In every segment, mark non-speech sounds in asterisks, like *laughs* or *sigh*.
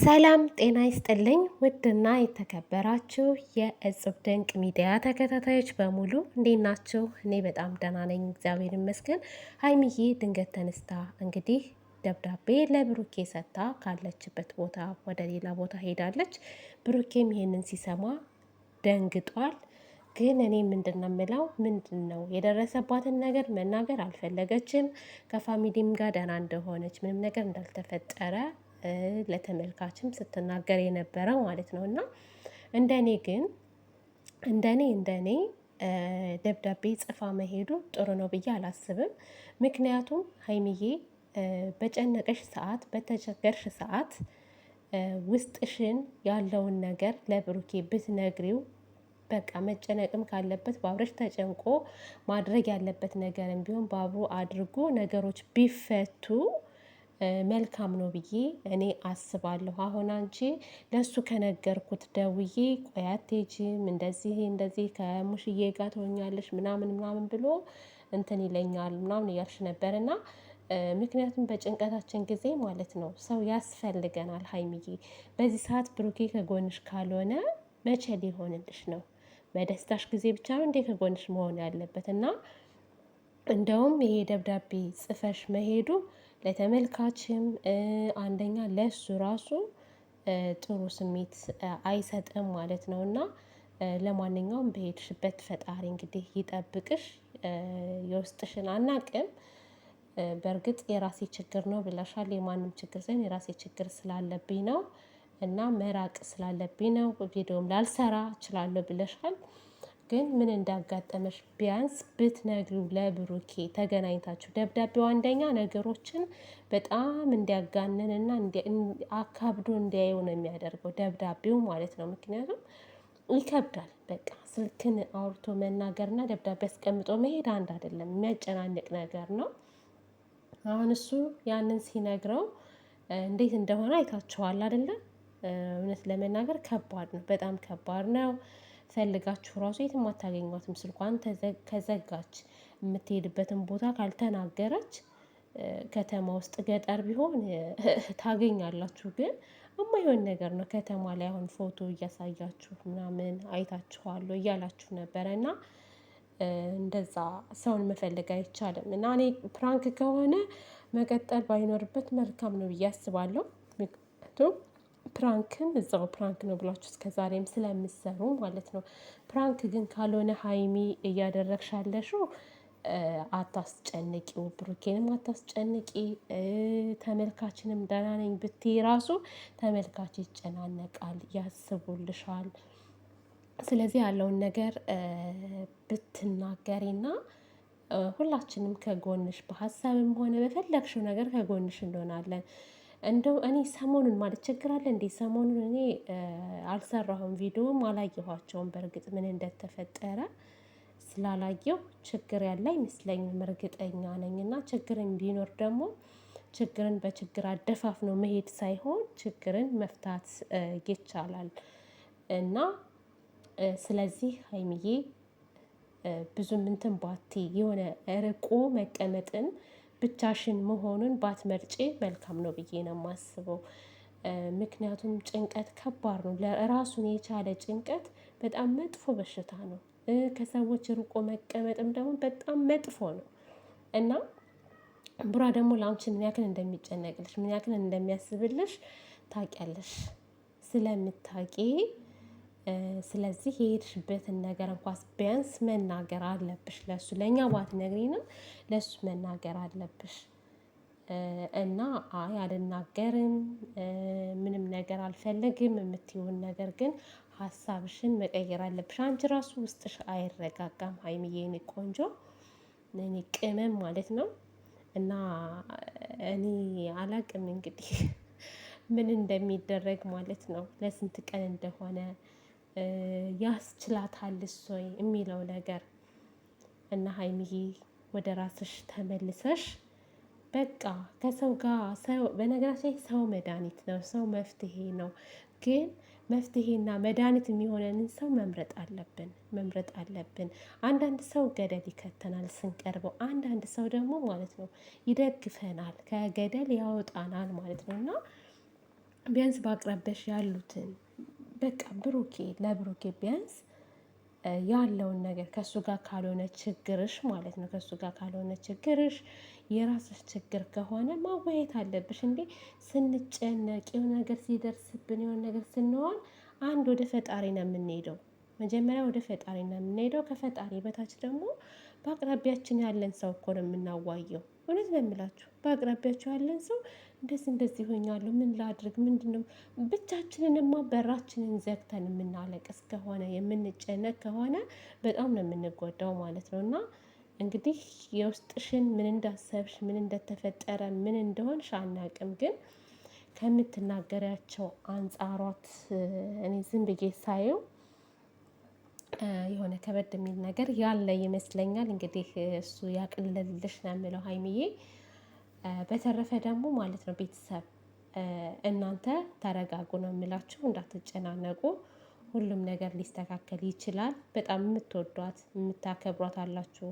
ሰላም ጤና ይስጥልኝ። ውድና የተከበራችሁ የእጽብ ድንቅ ሚዲያ ተከታታዮች በሙሉ እንዴት ናችሁ? እኔ በጣም ደህና ነኝ፣ እግዚአብሔር ይመስገን። ሀይሚዬ ድንገት ተነስታ እንግዲህ ደብዳቤ ለብሩኬ ሰጥታ ካለችበት ቦታ ወደ ሌላ ቦታ ሄዳለች። ብሩኬም ይህንን ሲሰማ ደንግጧል። ግን እኔ ምንድን ነው የምለው፣ ምንድን ነው የደረሰባትን ነገር መናገር አልፈለገችም። ከፋሚሊም ጋር ደህና እንደሆነች ምንም ነገር እንዳልተፈጠረ ለተመልካችም ስትናገር የነበረው ማለት ነው። እና እንደኔ ግን እንደኔ እንደኔ ደብዳቤ ጽፋ መሄዱ ጥሩ ነው ብዬ አላስብም። ምክንያቱም ሀይሚዬ በጨነቀሽ ሰዓት በተቸገርሽ ሰዓት ውስጥሽን ያለውን ነገር ለብሩኬ ብትነግሪው በቃ መጨነቅም ካለበት በአብረሽ ተጨንቆ ማድረግ ያለበት ነገርም ቢሆን በአብሮ አድርጎ ነገሮች ቢፈቱ መልካም ነው ብዬ እኔ አስባለሁ። አሁን አንቺ ለሱ ከነገርኩት ደውዬ ቆይ ጅም እንደዚህ እንደዚህ ከሙሽዬ ጋር ትሆኛለሽ ምናምን ምናምን ብሎ እንትን ይለኛል ምናምን እያልሽ ነበር እና ምክንያቱም በጭንቀታችን ጊዜ ማለት ነው ሰው ያስፈልገናል። ሀይሚዬ በዚህ ሰዓት ብሩኬ ከጎንሽ ካልሆነ መቼ ሊሆንልሽ ነው? በደስታሽ ጊዜ ብቻ ነው እንዴ ከጎንሽ መሆን ያለበት? እና እንደውም ይሄ ደብዳቤ ጽፈሽ መሄዱ ለተመልካችም አንደኛ ለሱ ራሱ ጥሩ ስሜት አይሰጥም ማለት ነው። እና ለማንኛውም በሄድሽበት ፈጣሪ እንግዲህ ይጠብቅሽ የውስጥሽን አናቅም። በእርግጥ የራሴ ችግር ነው ብለሻል የማንም ችግር ሳይሆን የራሴ ችግር ስላለብኝ ነው። እና መራቅ ስላለብኝ ነው ቪዲዮም ላልሰራ እችላለሁ ብለሻል ግን ምን እንዳጋጠመሽ ቢያንስ ብትነግሩ ለብሩኬ ተገናኝታችሁ ደብዳቤው አንደኛ ነገሮችን በጣም እንዲያጋንንና አካብዶ እንዲያየው ነው የሚያደርገው ደብዳቤው ማለት ነው። ምክንያቱም ይከብዳል። በቃ ስልክን አውርቶ መናገርና ደብዳቤ አስቀምጦ መሄድ አንድ አይደለም፣ የሚያጨናንቅ ነገር ነው። አሁን እሱ ያንን ሲነግረው እንዴት እንደሆነ አይታችኋል አይደለም? እውነት ለመናገር ከባድ ነው፣ በጣም ከባድ ነው። ፈልጋችሁ ራሱ የትም አታገኟትም። ስልኳን ከዘጋች የምትሄድበትን ቦታ ካልተናገረች ከተማ ውስጥ ገጠር ቢሆን *laughs* ታገኛላችሁ። ግን ይሆን ነገር ነው። ከተማ ላይ አሁን ፎቶ እያሳያችሁ ምናምን አይታችኋለሁ እያላችሁ ነበረ እና እንደዛ ሰውን መፈለግ አይቻልም። እና እኔ ፕራንክ ከሆነ መቀጠል ባይኖርበት መልካም ነው ብዬ አስባለሁ። ምክንያቱም ፕራንክም እዛው ፕራንክ ነው ብላችሁ እስከ ዛሬም ስለምሰሩ ማለት ነው። ፕራንክ ግን ካልሆነ ሀይሚ እያደረግሻለሹ አታስጨንቂ ብሩኬንም አታስጨንቂ። ተመልካችንም ደህና ነኝ ብትይ ራሱ ተመልካች ይጨናነቃል፣ ያስቡልሻል። ስለዚህ ያለውን ነገር ብትናገሪና ሁላችንም ከጎንሽ በሀሳብም ሆነ በፈለግሽው ነገር ከጎንሽ እንሆናለን። እንደው እኔ ሰሞኑን ማለት ችግር አለ እንዴ? ሰሞኑን እኔ አልሰራሁም፣ ቪዲዮም አላየኋቸውም። በእርግጥ ምን እንደተፈጠረ ስላላየው ችግር ያለ አይመስለኝም፣ እርግጠኛ ነኝ። እና ችግርን ቢኖር ደግሞ ችግርን በችግር አደፋፍ ነው መሄድ ሳይሆን ችግርን መፍታት ይቻላል። እና ስለዚህ ሀይሚዬ ብዙም እንትን ባቴ የሆነ ርቆ መቀመጥን ብቻሽን መሆኑን ባትመርጪ መልካም ነው ብዬ ነው የማስበው። ምክንያቱም ጭንቀት ከባድ ነው ለራሱን የቻለ ጭንቀት በጣም መጥፎ በሽታ ነው። ከሰዎች ርቆ መቀመጥም ደግሞ በጣም መጥፎ ነው። እና ቡራ ደግሞ ለአንቺ ምን ያክል እንደሚጨነቅልሽ ምን ያክል እንደሚያስብልሽ ታውቂያለሽ። ስለምታውቂ ስለዚህ የሄድሽበትን ነገር እንኳስ ቢያንስ መናገር አለብሽ ለሱ ለእኛ ባትነግሪንም ለሱ መናገር አለብሽ። እና አይ አልናገርም ምንም ነገር አልፈልግም የምትይውን ነገር ግን ሀሳብሽን መቀየር አለብሽ። አንቺ ራሱ ውስጥሽ አይረጋጋም ሀይሚዬ፣ የኔ ቆንጆ፣ የኔ ቅመም ማለት ነው። እና እኔ አላቅም እንግዲህ *laughs* ምን እንደሚደረግ ማለት ነው ለስንት ቀን እንደሆነ ያስችላታል እሶይ የሚለው ነገር እና ሀይሚዬ ወደ ራስሽ ተመልሰሽ በቃ ከሰው ጋር ሰው በነገራችን ላይ ሰው መድኃኒት ነው፣ ሰው መፍትሄ ነው። ግን መፍትሄና መድኃኒት የሚሆነንን ሰው መምረጥ አለብን መምረጥ አለብን። አንዳንድ ሰው ገደል ይከተናል ስንቀርበው፣ አንዳንድ ሰው ደግሞ ማለት ነው ይደግፈናል፣ ከገደል ያወጣናል ማለት ነው እና ቢያንስ ባቅራቢያሽ ያሉትን በቃ ብሩኬ ለብሩኬ ቢያንስ ያለውን ነገር ከእሱ ጋር ካልሆነ ችግርሽ ማለት ነው። ከእሱ ጋር ካልሆነ ችግርሽ የራስሽ ችግር ከሆነ ማወያየት አለብሽ እንዴ። ስንጨነቅ የሆነ ነገር ሲደርስብን የሆነ ነገር ስንሆን አንድ ወደ ፈጣሪ ነው የምንሄደው። መጀመሪያ ወደ ፈጣሪ ነው የምንሄደው። ከፈጣሪ በታች ደግሞ በአቅራቢያችን ያለን ሰው እኮ ነው የምናዋየው። እውነት ነው የምላችሁ በአቅራቢያችሁ ያለን ሰው እንደዚህ እንደዚህ ይሆኛሉ፣ ምን ላድርግ፣ ምንድን ነው ብቻችንንማ በራችንን ዘግተን የምናለቅስ ከሆነ የምንጨነቅ ከሆነ በጣም ነው የምንጎዳው ማለት ነው እና እንግዲህ የውስጥሽን ምን እንዳሰብሽ ምን እንደተፈጠረ ምን እንደሆንሽ አናቅም፣ ግን ከምትናገሪያቸው አንጻሯት እኔ ዝም ብዬ ሳየው የሆነ ከበድ የሚል ነገር ያለ ይመስለኛል። እንግዲህ እሱ ያቅልልልሽ ነው የምለው ሀይሚዬ። በተረፈ ደግሞ ማለት ነው ቤተሰብ እናንተ ተረጋጉ ነው የምላችሁ፣ እንዳትጨናነቁ። ሁሉም ነገር ሊስተካከል ይችላል። በጣም የምትወዷት የምታከብሯት አላችሁ።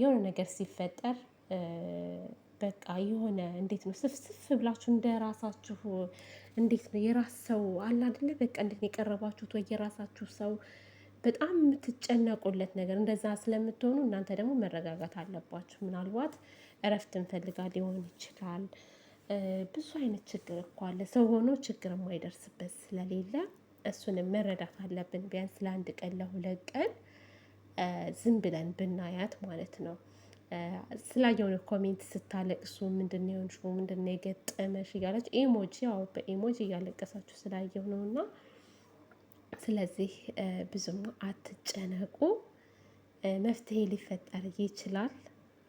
የሆነ ነገር ሲፈጠር በቃ የሆነ እንዴት ነው ስፍስፍ ብላችሁ እንደ ራሳችሁ እንዴት ነው የራስ ሰው አለ አይደለ? በቃ እንዴት ነው የቀረባችሁት ወይ የራሳችሁ ሰው በጣም የምትጨነቁለት ነገር እንደዛ ስለምትሆኑ እናንተ ደግሞ መረጋጋት አለባችሁ። ምናልባት እረፍት እንፈልጋ ሊሆን ይችላል። ብዙ አይነት ችግር እኮ አለ። ሰው ሆኖ ችግር የማይደርስበት ስለሌለ እሱንም መረዳት አለብን። ቢያንስ ለአንድ ቀን ለሁለት ቀን ዝም ብለን ብናያት ማለት ነው። ስላየውን ኮሜንት ስታለቅሱ ምንድን የሆንሽ ምንድን የገጠመሽ እያለች ኢሞጂ ያው በኢሞጂ እያለቀሳችሁ ስላየው ነው እና ስለዚህ ብዙም አትጨነቁ፣ መፍትሄ ሊፈጠር ይችላል።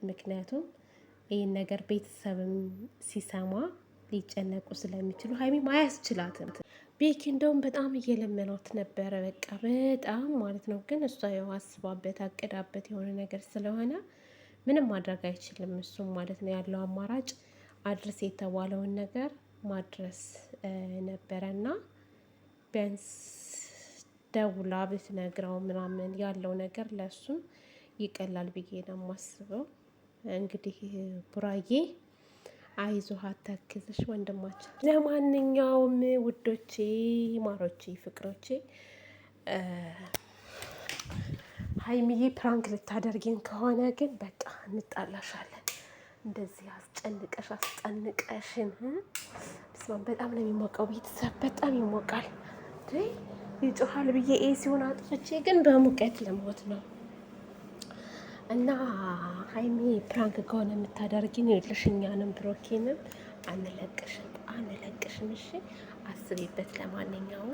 ምክንያቱም ይህን ነገር ቤተሰብም ሲሰማ ሊጨነቁ ስለሚችሉ ሀይሚም አያስችላትም። ቤኪ እንደውም በጣም እየለመናት ነበረ፣ በቃ በጣም ማለት ነው። ግን እሷ ያው አስባበት አቅዳበት የሆነ ነገር ስለሆነ ምንም ማድረግ አይችልም። እሱም ማለት ነው ያለው አማራጭ አድርስ የተባለውን ነገር ማድረስ ነበረና ቢያንስ ደውላ ብትነግረው ምናምን ያለው ነገር ለእሱም ይቀላል ብዬ ነው የማስበው። እንግዲህ ቡራዬ አይዞህ አታግዝሽ ወንድማችን። ለማንኛውም ውዶቼ፣ ማሮቼ፣ ፍቅሮቼ ሀይሚዬ ፕራንክ ልታደርጊን ከሆነ ግን በቃ እንጣላሻለን። እንደዚህ አስጨንቀሽ አስጨንቀሽን። በስመ በጣም ነው የሚሞቀው ቤተሰብ፣ በጣም ይሞቃል። ይጮሃል ብዬ ኤሲውን አጥፍቼ ግን በሙቀት ለሞት ነው። እና ሀይሚ ፕራንክ ከሆነ የምታደርጊን ይኸውልሽ፣ እኛንም ብሮኬንም አንለቅሽም፣ አንለቅሽም። እሺ አስቤበት ለማንኛውም